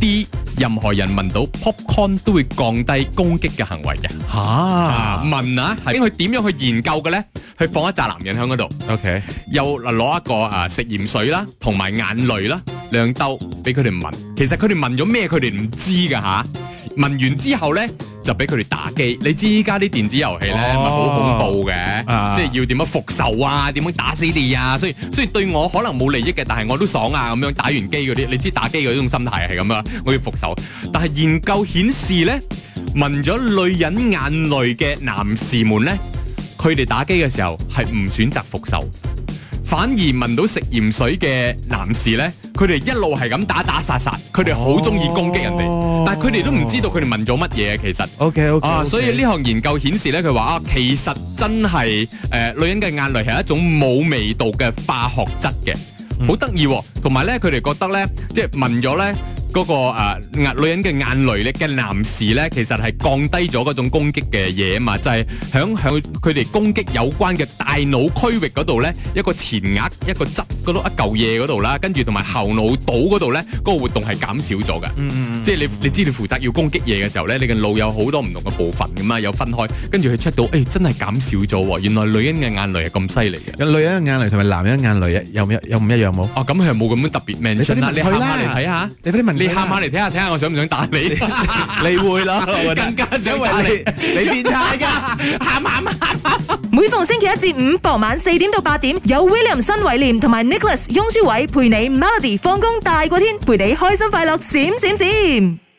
啲任何人聞到 popcorn 都會降低攻擊嘅行為嘅嚇哈、啊、聞啊係應該點樣去研究嘅咧？去放一紮男人響嗰度，OK，又嗱攞一個啊食鹽水啦、啊，同埋眼淚啦、啊、兩兜俾佢哋聞。其實佢哋聞咗咩？佢哋唔知㗎嚇。聞完之後咧。就俾佢哋打機，你知依家啲電子遊戲咧咪好恐怖嘅，oh, uh. 即係要點樣復仇啊，點樣打死你啊，所以所以對我可能冇利益嘅，但係我都爽啊，咁樣打完機嗰啲，你知打機嗰種心態係咁樣，我要復仇。但係研究顯示咧，聞咗女人眼淚嘅男士們咧，佢哋打機嘅時候係唔選擇復仇。反而聞到食鹽水嘅男士呢，佢哋一路係咁打打殺殺，佢哋好中意攻擊人哋，哦、但係佢哋都唔知道佢哋聞咗乜嘢其實。O K K 所以呢項研究顯示呢，佢話啊，其實真係誒、呃、女人嘅眼淚係一種冇味道嘅化學質嘅，好得意，同埋、啊、呢，佢哋覺得呢，即、就、係、是、聞咗呢。嗰個誒眼女人嘅眼淚咧嘅男士咧，其實係降低咗嗰種攻擊嘅嘢啊嘛，就係響響佢佢哋攻擊有關嘅大腦區域嗰度咧，一個前額一個側嗰度一嚿嘢嗰度啦，跟住同埋後腦島嗰度咧，嗰個活動係減少咗嘅。嗯嗯嗯。即係你你知道你負責要攻擊嘢嘅時候咧，你嘅腦有好多唔同嘅部分噶嘛，有分開，跟住佢 check 到，誒真係減少咗喎。原來女人嘅眼淚係咁犀利嘅。女人嘅眼淚同埋男人嘅眼淚有有有唔一樣冇？哦，咁佢冇咁特別 mention。你去啦，睇下。你快啲問。你喊下嚟聽下聽下，我想唔想打你？ 你會咯了， 更加想，因為你 你變態㗎、啊，喊喊喊！ 每逢星期一至五傍晚四點到八點，有 William 新偉廉同埋 Nicholas 雍舒偉陪你 Melody 放工大過天，陪你開心快樂閃閃閃。閃閃閃